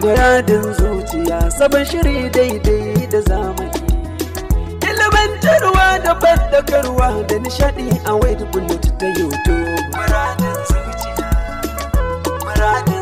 Muradin zuciya sabon shiri daidai da zamani. Ilimantarwa da bandakarwa da nishadi a wade bullet ta yoto. Guradin zuciya, guradin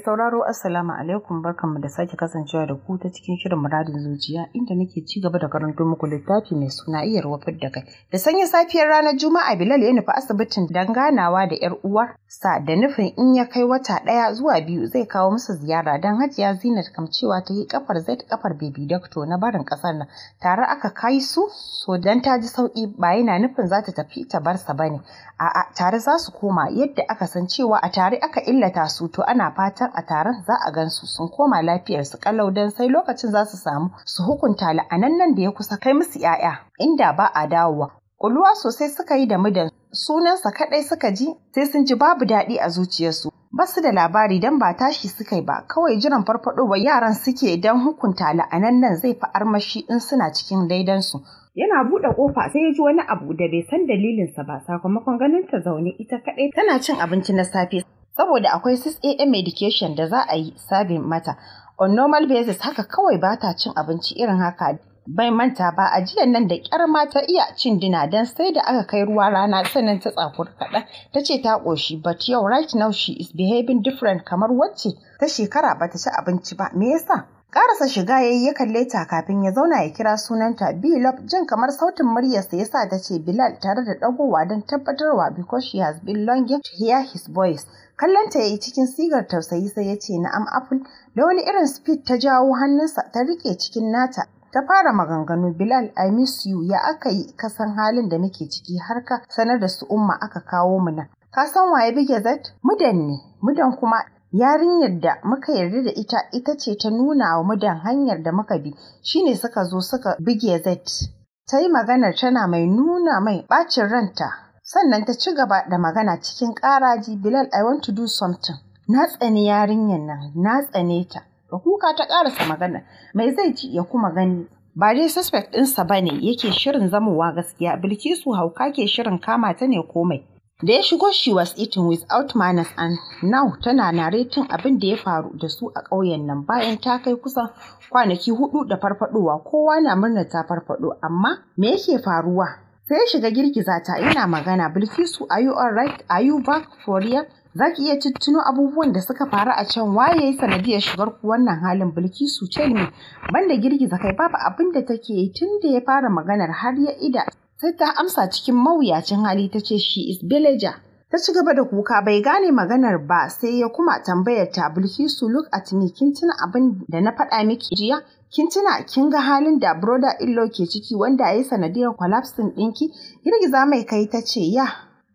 Mai sauraro Assalamu alaikum barkanmu da sake kasancewa da ku ta cikin shirin muradin zuciya inda nake ci gaba da karanto muku littafi mai suna iyar wafar da kai. Da sanya safiyar ranar Juma'a Bilal ya nufi asibitin don ganawa da ‘yar uwar sa da nufin in ya kai wata ɗaya zuwa biyu zai kawo musu ziyara don hajiya Zinat kam cewa ta yi kafar zai kafar baby doctor na barin kasar nan tare aka kai su so don ta ji sauki ba yana nufin za ta tafi ta bar sa ne. a'a tare za su koma yadda aka san cewa a tare aka illata su to ana fatan a taron za a gansu sun koma lafiyarsu kalau don sai lokacin za su samu su hukunta la'anannan da ya kusa kai musu 'ya'ya inda ba a dawowa Ƙuluwa sosai suka yi da mudan sunansa kaɗai suka ji sai sun ji babu daɗi a zuciyarsu. Ba su da labari don ba tashi suka yi ba, kawai jiran farfaɗowa yaran suke don hukunta la'anan nan zai fi armashi in suna cikin daidansu. Yana buɗe ƙofa sai ya ji wani abu da bai san dalilinsa ba sakamakon ganin ta zaune ita kaɗai tana cin abinci na safe. saboda akwai 6am medication da za a yi sabin mata on normal basis haka kawai ba ta cin abinci irin haka bai manta ba a jiyan nan da kyar ma ta iya cin dina don sai da aka kai ruwa rana sannan ta tsakur kaɗan ta ce ta ƙoshi but yau right now she is behaving different kamar wacce ta shekara ba ta ci abinci ba me yasa Karasa shiga ya yi ya kalle kafin ya zauna ya kira sunanta Bilal jin kamar sautin muryarsa ya sa ta ce Bilal tare da ɗagowa don tabbatarwa because she has been longing to hear his voice. Kallonta ya yi cikin sigar tausayi sai ya ce na'am apple da wani irin speed ta jawo hannunsa ta rike cikin nata ta fara maganganu Bilal I miss you ya aka yi kasan halin da muke ciki har ka sanar da su umma aka kawo mu nan. Ka san waye bige zat? Mudan ne, mudan kuma Yarinyar da muka yarda da ita ita ce ta nuna wa mudan hanyar da muka bi, shine suka zo suka buge Z. Ta yi maganar tana mai nuna mai ɓacin ranta, sannan ta ci gaba da magana cikin ƙaraji Bilal I want to do something. Na tsani yarinyar nan, na tsane ta. Da kuka ta karasa magana, mai zai ci ya kuma gani. Ba dai suspect ɗinsa ba ne yake shirin zamowa gaskiya, Bilkisu hauka ke shirin kama ta ne komai. da ya shigo she was eating without manners and now tana naretin abin da ya faru da su a ƙauyen nan bayan ta kai kusan kwanaki hudu da farfadowa kowa na murna ta farfado amma me yake faruwa sai ya shiga girgiza ta ina magana bilkisu are you right are you back for real za ki iya tuttuno abubuwan da suka faru a can waye yi sanadiyar shigar ku wannan halin bilkisu ce ne banda girgiza kai babu abin da take yi tun da ya fara maganar har ya ida sai ta amsa cikin mawuyacin hali ta ce she is villager. Ta ci gaba da kuka bai gane maganar ba sai ya kuma tambayar ta Bilkisu look at me kin abin da na faɗa miki jiya? Kin kin ga halin da broda illo ke ciki wanda ya yi sanadiyar collapsing ɗinki? Girgiza mai kai ta ce ya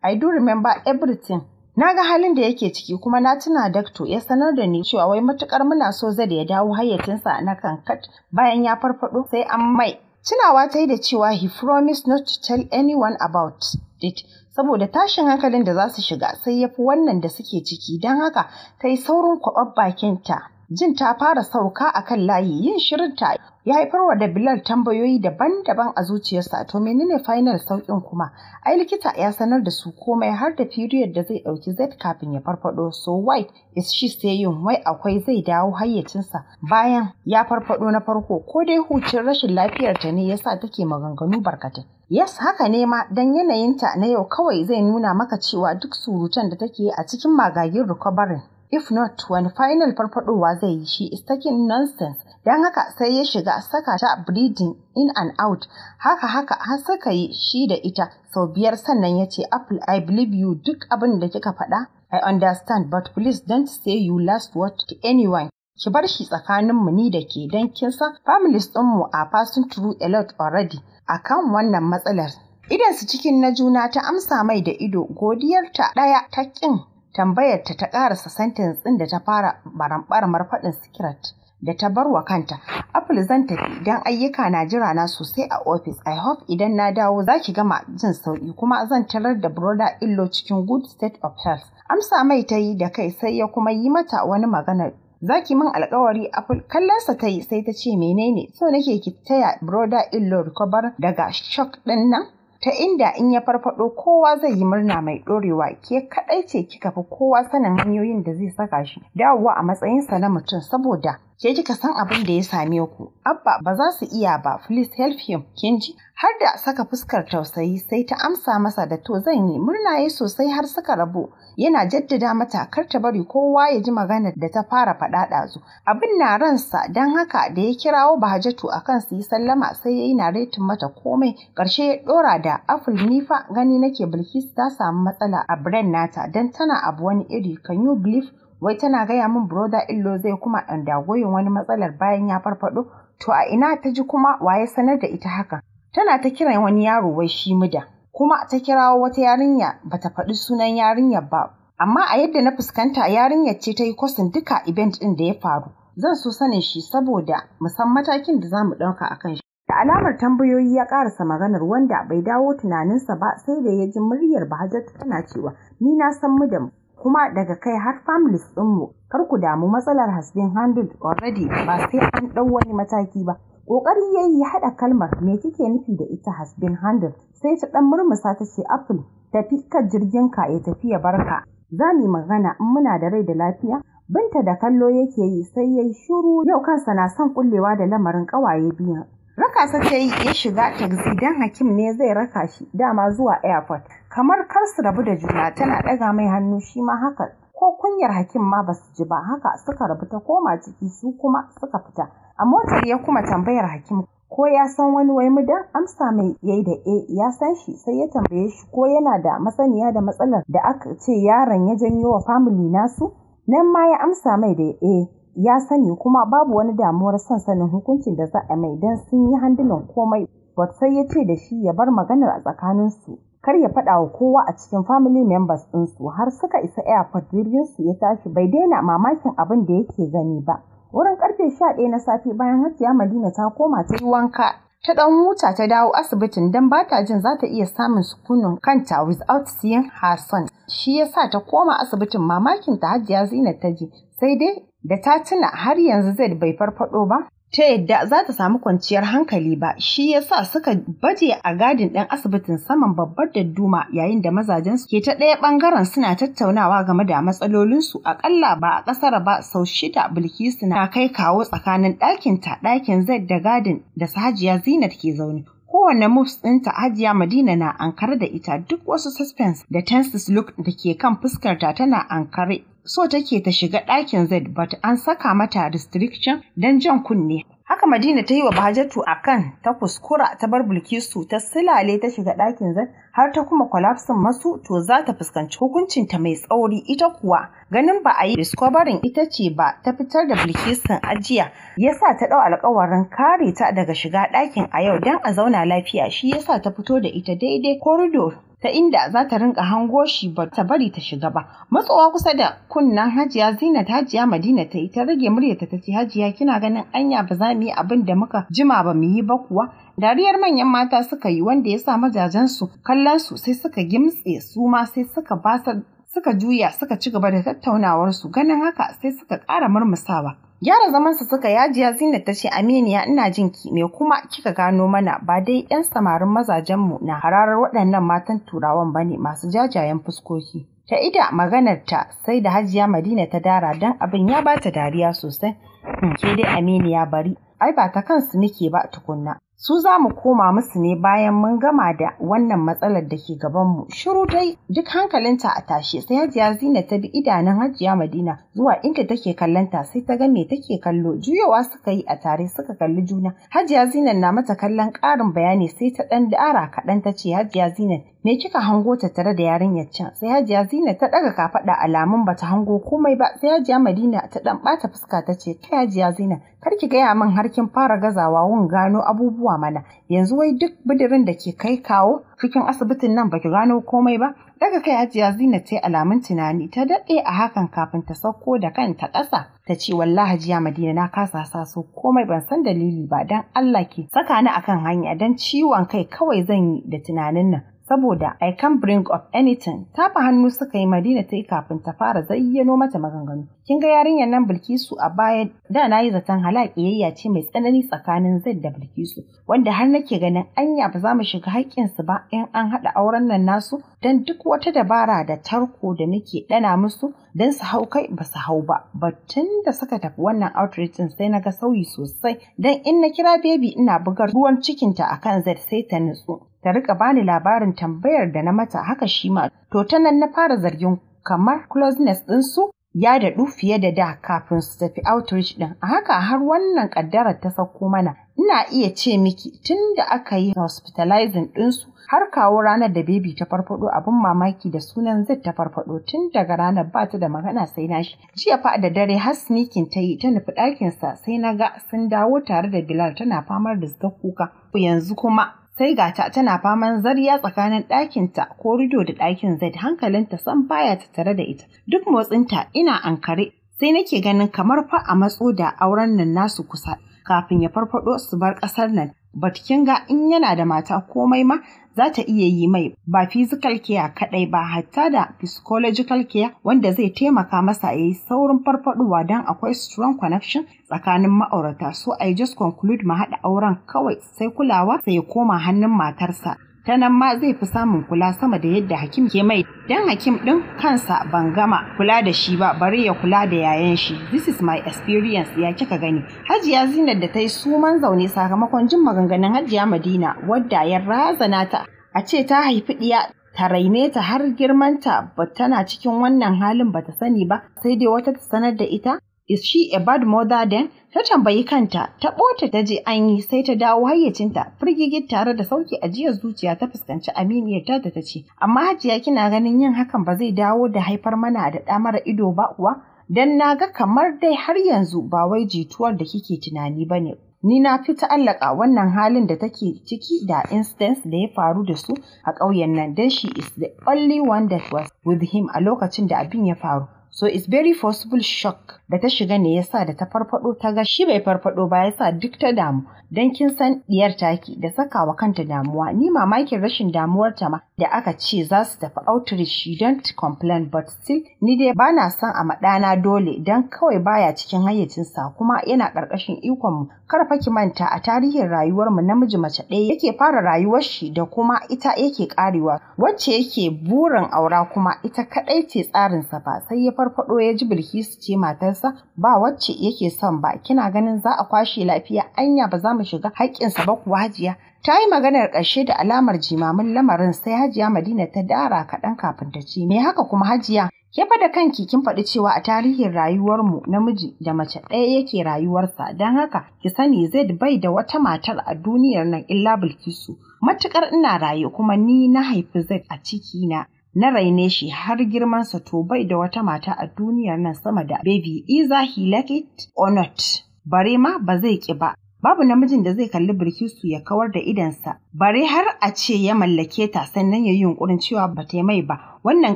I do remember everything. Na ga halin da yake ciki kuma na tuna dakto ya sanar da ni cewa wai matukar muna so zai da ya dawo hayyacinsa na kankat bayan ya farfado sai an mai Tunawa ta yi da cewa he promised not to tell anyone about it saboda tashin hankalin da za su shiga sai ya fi wannan da suke ciki don haka ta yi saurin kwaɓar bakinta jin ta fara sauka a kan layi yin shirinta ya wa da Bilal tambayoyi daban-daban a zuciyarsa to menene final saukin kuma ai likita ya sanar da su komai har da period da zai dauki Z kafin ya farfado so why is she saying wai akwai zai dawo hayyacinsa bayan ya farfado na farko ko dai hucin rashin lafiyar ta ne yasa take maganganu barkatai Yes, haka ne ma don yanayinta na yau kawai zai nuna maka cewa duk surutan da take a cikin magagin recovery if not wani final farfadowa zai yi shi is taking nonsense don haka sai ya shiga saka ta breeding in and out haka haka har suka yi shi da ita sau biyar sannan ya ce apple i believe you duk abin da kika faɗa i understand but please don't say you last word to anyone ki bar shi tsakanin mu ni da ke don kin san families ɗinmu a passing through a lot already akan wannan matsalar Idan su cikin na juna ta amsa mai da ido godiyar ta ɗaya ta ƙin Tambayar ta ta ƙarasa sentence ɗin da ta fara barambarmar faɗin secret da ta bar wa kanta. Apple zan tafi idan ayyuka na jira na sosai a office. I hope idan na dawo za ki gama jin sauƙi. kuma zan tarar da brother illo cikin good state of health. Amsa mai ta yi da kai sai ya kuma yi mata wani magana Zaki min alkawari Apple kallonsa ta yi sai ta ce menene so nake ki taya brother illo recover daga shock ɗin nan? ta inda in ya farfado kowa zai yi murna mai ɗorewa ke kaɗai ce kika fi kowa sanin hanyoyin da zai saka shi dawowa a matsayinsa na mutum saboda ke kika san abin da ya same ku abba ba za su iya ba please help him kin ji har da saka fuskar tausayi sai ta amsa masa da to zan yi murna ya sosai har suka rabu yana jaddada mata kar ta bari kowa ya ji maganar da ta fara faɗa ɗazu. Abin na ransa don haka da ya kirawo Bahajatu a kan su yi sallama sai ya yi retin mata komai ƙarshe ya ɗora da Aful nifa gani nake Bilkisu ta samu matsala a biran nata don tana abu wani iri can you believe wai tana gaya min broda illo zai kuma ɗan dagoyin wani matsalar bayan ya farfaɗo to a ina ta ji kuma waye sanar da ita haka tana ta kiran wani yaro wai shi muda. kuma ta kirawo wata yarinya bata faɗi sunan yarinya ba amma a yadda na fuskanta yarinya ce ta yi kwasin duka event ɗin da ya faru zan so sanin shi saboda mu san matakin da za mu ɗauka a kan shi da alamar tambayoyi ya ƙarasa maganar wanda bai dawo tunaninsa ba sai da ya ji muryar bahajatu tana cewa ni na san mu da mu kuma daga kai har families ɗinmu kar ku damu matsalar has been handled already ba sai an ɗau wani mataki ba Ƙoƙari ya yi haɗa kalmar me kike nufi da ita has been handled sai ta ɗan murmusa ta ce Apple tafi jirgin ka ya tafi ya barka. Za mu magana in muna da rai da lafiya? Binta da kallo yake yi sai ya yi shuru yau kansa na son kullewa da lamarin ƙawaye biyu. Raka sa ta yi ya shiga taxi don hakim ne zai raka shi dama zuwa airport. Kamar kar su rabu da juna tana ɗaga mai hannu shi ma haka ko kunyar hakim ma ba su ji ba haka suka rabu ta koma ciki su kuma suka fita a motar ya kuma tambayar hakim ko ya san wani wai mudan amsa mai yayi da e ya san shi sai ya tambaye shi ko yana da masaniya da matsalar da aka ce yaron ya janyo wa famili nasu nan ma ya amsa mai da e ya sani kuma babu wani damuwar son sanin hukuncin da za a mai dan sun yi handulan komai Bot sai ya ce da shi ya bar maganar a tsakaninsu kar ya faɗa wa kowa a cikin family members ɗinsu har suka isa airport jirginsu ya tashi bai daina mamakin abin da yake gani ba wurin karfe sha ɗaya na safe bayan hajiya madina ta koma ta yi wanka ta ɗan wuta ta dawo asibitin don ba ta jin za ta iya samun sukunin kanta without seeing her son shi ya sa ta koma asibitin mamakin ta hajiya zina ta ji sai dai da ta tuna har yanzu zai bai farfado ba ta yadda za ta samu kwanciyar hankali ba shi ya sa suka baje a gadin ɗan asibitin saman babbar dadduma yayin da mazajen ke ta ɗaya ɓangaren suna tattaunawa game da matsalolinsu akalla ba a ƙasar ba sau shida bilkisu na kai kawo tsakanin ɗakin ta ɗakin zai da gadin da sahajiya zinat ke zaune kowane moves ta hajiya madina na ankare da ita duk wasu suspense da tenses look da ke kan fuskarta tana ankare so take ta shiga ɗakin Z but an saka mata restriction don jan kunne. Haka Madina ta yi wa Bahajatu a kan ta kuskura ta bar Bilkisu ta silale ta shiga ɗakin Z, har ta kuma kwalafsin masu to za ta fuskanci hukuncinta mai tsauri ita kuwa ganin ba a yi discovering ita ce ba ta fitar da Bilkisun ajiya yasa ta ɗau alkawarin kare ta daga shiga ɗakin a yau don a zauna lafiya shi yasa ta fito da ita daidai korido ta inda za ta rinka hango shi ba ta bari ta shiga ba matsowa kusa da kunnan hajiya zinat hajiya madina ta yi ta rage muryarta ta ce hajiya kina ganin anya ba za mu yi abin da muka jima ba mu yi ba kuwa dariyar manyan mata suka yi wanda ya sa majajensu kallon su sai suka gimtse su ma sai suka basa suka juya suka ci gaba da tattaunawar su, ganin haka sai suka ƙara murmusawa Gyara sa suka ya zina ta ce Aminiya ina jin ki me kuma kika gano mana ba dai yan samarin mazajen mu na hararar waɗannan matan turawan bane masu jajayen fuskoki. Ta ida maganar ta sai da Hajiya Madina ta dara dan abin ya bata dariya sosai. Hmm, ke dai Aminiya bari ai ba ta kansu nake ba tukunna. Su za mu koma musu ne bayan mun gama da wannan matsalar da ke gabanmu. Shiru dai duk hankalinta a tashe sai Hajiya Zina ta bi idanun Hajiya Madina zuwa inda take kallonta sai ta ga me take kallo. Juyowa suka yi a tare suka kalli juna. Hajiya Zina na mata kallon ƙarin bayani sai ta ɗan dara kaɗan ta ce Hajiya Zina Me kika hango ta tare da yarinyar can? Sai Hajiya Zina ta ɗaga kafaɗa alamun bata hango komai ba. Sai Hajiya Madina ta ɗan ɓata fuska ta ce, "Kai Hajiya Zina, kar ki gaya min har kin fara gazawa wun gano abubuwa mana. Yanzu wai duk bidirin da ke kai kawo cikin asibitin nan baki gano komai ba?" Daga kai Hajiya Zina ta yi alamun tunani ta daɗe a hakan kafin ta sauko da kanta ƙasa. Ta ce wallahi Hajiya Madina na kasa saso komai ban san dalili ba dan Allah ke saka ni akan hanya dan ciwon kai kawai zan yi da tunanin nan. saboda I can bring up anything. Tafa hannu suka yi Madina ta yi kafin ta fara zayyano mata maganganu. Kin ga yarinyar nan Bilkisu a baya da na yi zaton halaƙiyayya ce mai tsanani tsakanin Zaid da Bilkisu wanda har nake ganin anya ba za mu shiga haƙƙinsu ba in an haɗa auren nan nasu dan duk wata dabara da tarko da nake ɗana musu don su hau kai ba su hau ba. Batun da suka tafi wannan outreach sai na ga sauyi sosai dan in na kira baby ina bugar ruwan cikinta akan Zaid sai ta nutsu. ta rika bani labarin tambayar da na mata haka shi ma to ta nan na fara zargin kamar closeness su ya daɗu fiye da da kafin su tafi outreach din. a haka har wannan ƙaddarar ta sauko mana ina iya ce miki tun da aka yi hospitalizing su. har kawo ranar da baby ta farfado abin mamaki da sunan zai ta farfado tun daga ranar ba ta da magana sai na shi jiya fa da dare har sneakin ta yi ta nufi ɗakinsa sai na ga sun dawo tare da bilal tana famar da suka kuka yanzu kuma sai gata tana faman zarya tsakanin ɗakinta ko rido da ɗakin Z hankalinta san baya ta tare da ita. Duk motsinta ina ankare sai nake ganin kamar fa a matso da auren nan nasu kusa kafin ya farfado su bar ƙasar nan but kin ga in yana da mata komai ma za ta iya yi mai ba physical care kadai ba hatta da psychological care wanda zai taimaka masa yayi saurin farfaduwa don akwai strong connection tsakanin ma'aurata so I just conclude ma hada auren kawai sai kulawa sai ya koma hannun matarsa ta nan ma zai fi samun kula sama da yadda hakim ke mai dan hakim ɗin kansa ban gama kula da shi ba bari ya kula da yayan shi this is my experience ya kika gani hajiya zinar da ta yi suman zaune sakamakon jin maganganun hajiya madina wadda ya razana ta a ce ta haifi ɗiya ta raine ta har girmanta ba tana cikin wannan halin ba ta sani ba sai dai wata ta sanar da ita Is she a bad mother then? Ta tambayi kanta, ta ɓota ta je an yi sai ta dawo hayyacinta, firgigit tare da sauki ajiyar zuciya ta fuskanci aminiyar da ta ce, amma hajiya kina ganin yin hakan ba zai dawo da haifar mana da ɗa mara ido ba kuwa? Dan na ga kamar dai har yanzu ba wai jituwar da kike tunani ba ne. Ni na fi ta'allaka wannan halin da take ciki da instance da ya faru da su a ƙauyen nan, dan she is the only one that was with him a lokacin da abin ya faru. So it's very forceful shock da ta shiga ne yasa da ta farfado ta ga shi bai farfado ba yasa duk ta damu don kin san diyar taki da sakawa kanta damuwa ni mamakin rashin damuwar ta ma da aka ce za su tafi outreach you don't complain but still ni dai ba na son a maɗana dole don kawai baya cikin hayyacinsa kuma yana ƙarƙashin ikonmu kar fa ki manta a tarihin rayuwarmu namiji mace ɗaya yake fara rayuwar shi da kuma ita yake ƙarewa wacce yake burin aura kuma ita kaɗai ce tsarinsa ba sai ya farfaɗo ya ji bilkisu ce matarsa ba wacce yake son ba kina ganin za a kwashe lafiya anya ba za mu shiga haƙƙinsa ba kuwa hajiya ta yi maganar ƙarshe da alamar jimamin lamarin sai hajiya madina ta dara kaɗan kafin ta ce me haka kuma hajiya ke da kanki kin faɗi cewa a tarihin rayuwarmu namiji da mace ɗaya yake rayuwarsa don haka ki sani zaid bai da wata matar a duniyar nan illa bilkisu matuƙar ina raye kuma ni na haifi zaid a ciki na na raine shi har girmansa to bai da wata mata a duniyar nan sama da baby iza he like it or not bare ma ba zai ki ba babu namijin da zai kalli Bilkisu ya kawar da idansa bare har a ce ya mallake ta sannan ya yi yunkurin cewa ba ta mai ba wannan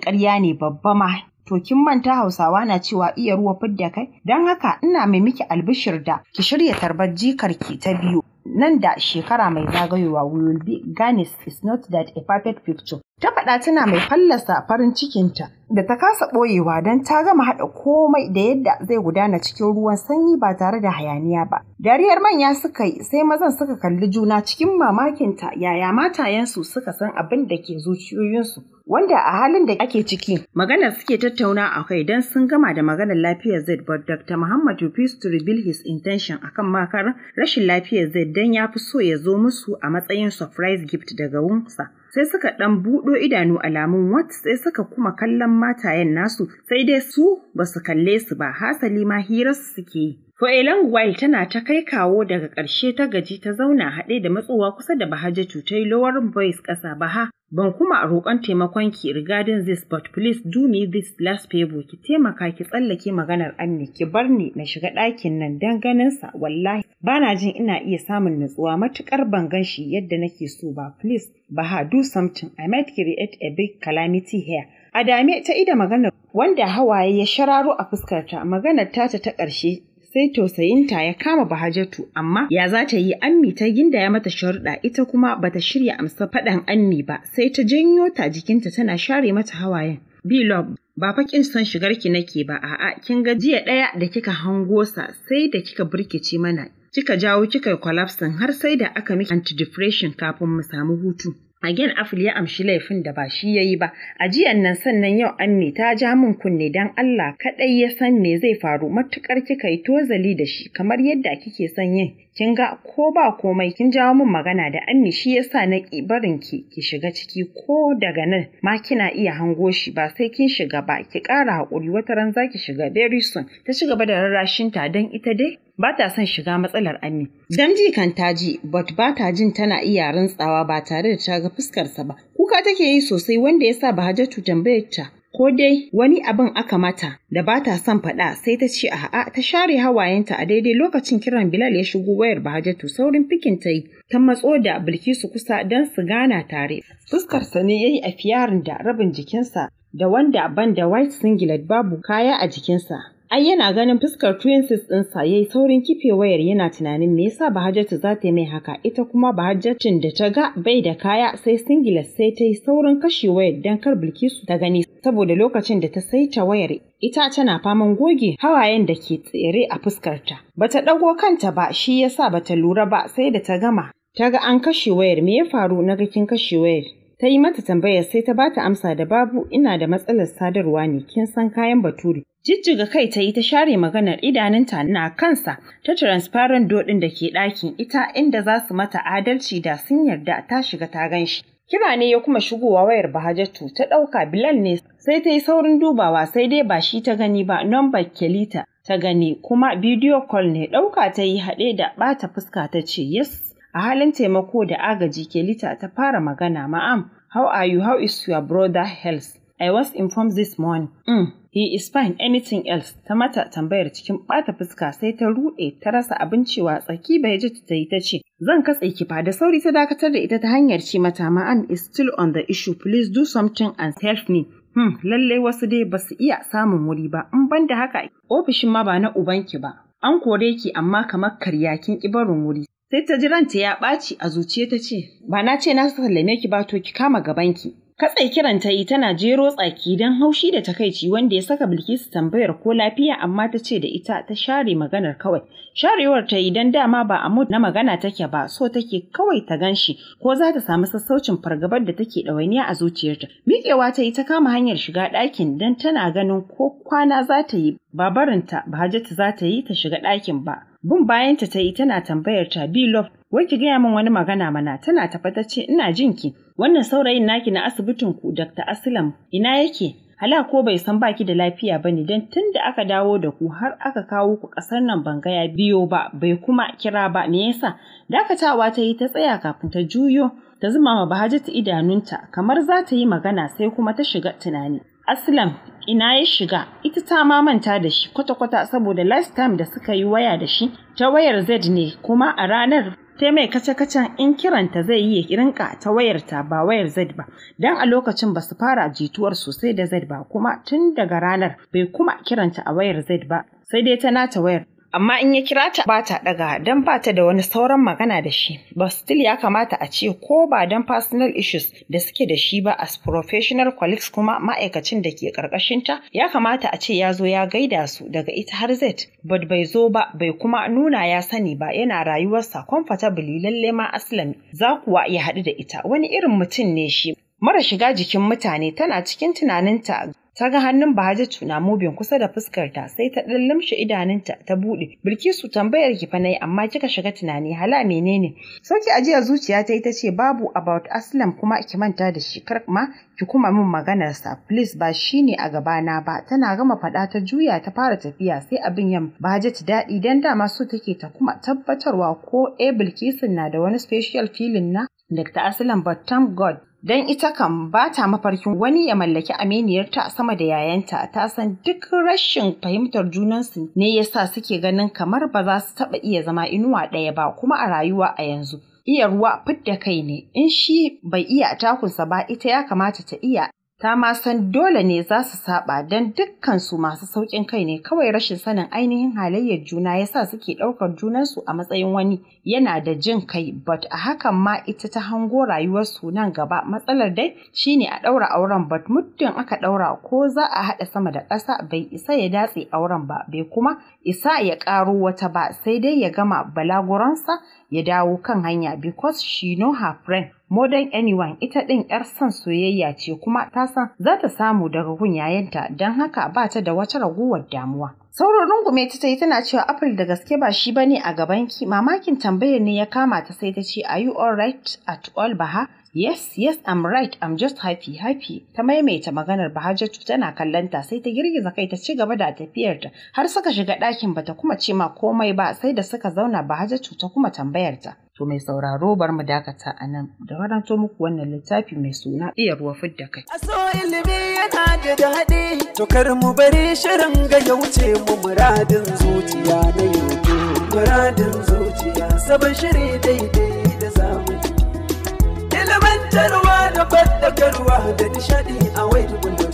ƙarya ne babba ma to kin manta Hausawa na cewa iya ruwa fidda kai don haka ina mai miki albishir da ki shirya tarbar jikar ki" ta biyu nan da shekara mai zagayowa will be Ganis is not that a perfect picture Ta faɗa tana mai fallasa farin cikinta da ta kasa ɓoyewa don ta gama haɗa komai da yadda zai gudana cikin ruwan sanyi ba tare da hayaniya ba. Dariyar manya suka yi sai mazan suka kalli juna cikin mamakinta yaya matayensu suka san abin da ke zuciyoyinsu. Wanda a halin da ake ciki maganar suke tattauna a kai don sun gama da maganar lafiyar Zaid but Dr. muhammadu refused to reveal his intention akan makar rashin lafiyar Zaid don ya fi so ya zo musu a matsayin surprise gift daga wunsa. sai suka ɗan buɗo idanu alamun wat sai suka kuma kallon matayen nasu sai dai su ba su kalle su ba hasali ma hirarsu suke yi Foelan Wild tana ta kai kawo daga ƙarshe ta gaji ta zauna haɗe da matsowa kusa da Bahajatu ta yi lowar voice ƙasa baha. Ban kuma a roƙon taimakon ki regarding this but please do me this last favor ki taimaka ki tsallake maganar Anne ki bar ni na shiga ɗakin nan dan ganin sa wallahi bana jin ina iya samun nutsuwa matuƙar ban gan shi yadda nake so ba please Baha do something I might create a big calamity here A dame ta ida maganar wanda hawaye ya shararo a fuskarta maganar tata ta ƙarshe sai tausayinta ya kama Bahajatu amma ya za ta yi Ammi ta gindaya mata sharuɗa ita kuma bata shirya amsa faɗan Ammi ba sai ta janyo ta jikinta tana share mata hawayen. Bilob ba fakin son shigarki nake ba a'a kin ga jiya ɗaya da kika hango sai da kika birkice mana kika jawo kika collapsing har sai da aka miki antidepressant kafin mu samu hutu. A Again Afil ya amshi laifin da ba shi ya yi ba. A jiyan nan sannan yau Ammi ta ja min kunne dan Allah kaɗai ya san me zai faru Matuƙar kika yi tozali da shi kamar yadda kike son yin. Kin ga ko ba komai kin jawo min magana da Ammi shi ya sa na ki barin ki ki shiga ciki ko daga nan ma kina iya hango shi ba sai kin shiga ba ki ƙara haƙuri wata ran zaki shiga very Ta ci gaba da rarrashinta don ita dai ba ta son shiga matsalar Ami. Don ji kan ta ji, but ba ta jin tana iya rantsawa ba tare da ta ga fuskarsa ba. Kuka take yi sosai wanda ya sa Bahajatu tambayar ta. Ko dai wani abin aka mata da ba ta son faɗa sai ta ce a'a ta share hawayenta a daidai lokacin kiran Bilal ya shigo wayar Bahajatu saurin fikin ta yi ta matso da Bilkisu kusa don su gana tare. Fuskarsa ne ya yi a fiyarin da rabin jikinsa da wanda ban da white singlet babu kaya a jikinsa Ai yana ganin fuskar twin sis ɗinsa ya saurin kife wayar yana tunanin me yasa Bahajatu za ta yi mai haka ita kuma Bahajatun da ta ga bai da kaya sai singila sai ta yi saurin kashe wayar don kar Bilkisu ta gani saboda lokacin da ta saita wayar ita tana faman goge hawayen da ke tsere a fuskarta. Bata ɗago kanta ba shi yasa bata lura ba sai da ta gama. Ta ga an kashe wayar me ya faru na ga kin kashe wayar. ta yi mata tambayar sai ta bata amsa da babu ina da matsalar sadarwa ne kin san kayan baturi Jijjiga kai ta yi ta share maganar idanunta na kansa ta transparent doɗin da ke ɗakin ita inda za su mata adalci da sun yarda ta shiga ta gan shi. Kira ne ya kuma shigowa wayar Bahajatu ta ɗauka Bilal ne sai ta yi saurin dubawa sai dai ba shi ta gani ba nomba Kelita ta gani kuma bidiyo call ne ɗauka ta yi haɗe da ɓata fuska ta ce yes a halin taimako da agaji Kelita ta fara magana ma'am how are you how is your brother health I was informed this morning. Mm. He is fine anything else ta mata tambayar cikin bata fuska sai ta ruɗe ta rasa abin cewa tsaki bai ji ta yi ta ce zan katse ki fa da sauri ta dakatar da ita ta hanyar ce mata ma'an is still on the issue please do something and help me. Hmm, lalle wasu dai ba su iya samun wuri ba in ban da haka ofishin ma ba na ubanki ba. An kore ki amma kamar karya kin barin wuri. Sai ta jiranta ya ɓaci a zuciya ta ce ba na ce na sallame ki ba to ki kama gabanki. Katsai kiran ta yi tana jero tsaki don haushi da takaici wanda ya saka Bilkisu tambayar ko lafiya amma ta ce da ita ta share maganar kawai. Sharewar ta yi don dama ba a na magana take ba so take kawai ta ganshi ko za ta samu sassaucin fargabar da take ɗawainiya a zuciyarta. Miƙewa ta yi ta kama hanyar shiga ɗakin don tana ganin ko kwana za ta yi ba barinta ba hajjata za ta yi ta shiga ɗakin ba. Bin bayanta ta yi tana tambayar ta Bilof wai ki gaya min wani magana mana tana tafa ce ina jinki. Wannan saurayin naki na asibitin ku Dr. Aslam ina yake? Hala ko bai san baki da lafiya ba ne don tun da aka dawo da ku har aka kawo ku ƙasar nan bangaya gaya biyo ba bai kuma kira ba me yasa? Dakatawa ta yi ta tsaya kafin ta juyo ta zuma ma Bahajatu idanunta kamar za ta yi magana sai kuma ta shiga tunani. Aslam ina ya shiga ita ta ma manta da shi kwata-kwata saboda last time da suka yi waya da shi ta wayar Z ne kuma a ranar ta mai kace-kacen in kiranta zai yi ya rinka ta wayarta ba wayar Z ba don a lokacin ba su fara jituwar sosai da Z ba kuma tun daga ranar bai kuma kiranta a wayar Z ba sai dai ta nata wayar amma in ya kira ta bata ta daga don ba ta da wani sauran magana da shi ba still ya kamata a ce ko ba don personal issues da suke da shi ba as professional colleagues kuma ma'aikacin da ke ta ya kamata a ce ya zo ya gaida su daga ita har z but bai zo ba bai kuma nuna ya sani ba yana rayuwarsa comfortably lalle ma asalin. za kuwa ya haɗu da ita wani irin mutum ne shi mara shiga jikin mutane tana cikin tunaninta Ta ga hannun Bahajatu na mubin kusa da fuskarta sai ta ɗan limshe idanunta ta buɗe. Bilkisu tambayar ki fa nayi amma kika shiga tunani hala menene? Sauki ajiya zuciya ta yi ta ce babu about Aslam kuma ki manta da shi kar ma ki kuma min maganarsa please ba shi ne a gabana ba tana gama faɗa ta juya ta fara tafiya sai abin ya baje ta daɗi dan dama su take ta kuma tabbatarwa ko a bilkisin na da wani special feeling na Dr. Aslan Battam God don ita kan ba ta mafarkin wani ya mallaki aminiyarta sama da yayanta ta san duk rashin fahimtar junansu ne yasa suke ganin kamar ba za su taɓa iya zama inuwa ɗaya ba kuma a rayuwa a yanzu iya ruwa fidda kai ne in shi bai iya a takunsa ba ita ya kamata ta iya ta ma san dole ne za su saba don dukkansu masu sauƙin kai ne kawai rashin sanin ainihin halayyar juna ya sa suke ɗaukar junansu a matsayin wani yana da jin kai but a hakan ma ita ta hango rayuwarsu nan gaba matsalar dai shine a ɗaura auren but muddin aka ɗaura ko za a haɗa sama da ƙasa bai isa ya datse auren ba bai kuma isa ya ƙaro wata ba sai dai ya gama balaguransa ya dawo kan hanya because she know her friend Modern Anyone ita ɗin 'yar son soyayya ce kuma ta san za ta samu daga yayanta, don haka ba ta da wata raguwar damuwa. Sauron rungume ta ta yi tana cewa Apple da gaske ba shi bane a gabanki mamakin tambayar ne ya kama ta sai ta ce are you alright at all baha? Yes, yes, I'm right, I'm just happy, happy. Ta maimaita maganar Bahajatu tana kallonta, sai ta girgiza kai ta ci gaba da tafiyarta har suka shiga ɗakin bata kuma ce ma komai ba sai da suka zauna Bahajatu ta kuma tambayarta. To mai sauraro bar mu dakata a nan da karanto muku wannan littafi mai suna iya ruwa fidda kai. so ilimi yana da daɗi, to kar mu bari shirin ga ya wuce mu muradin zuciya na yanzu. Muradin zuciya sabon shiri daidai da zamani. Ilimantarwa da fadakarwa da nishaɗi a wai tukunan.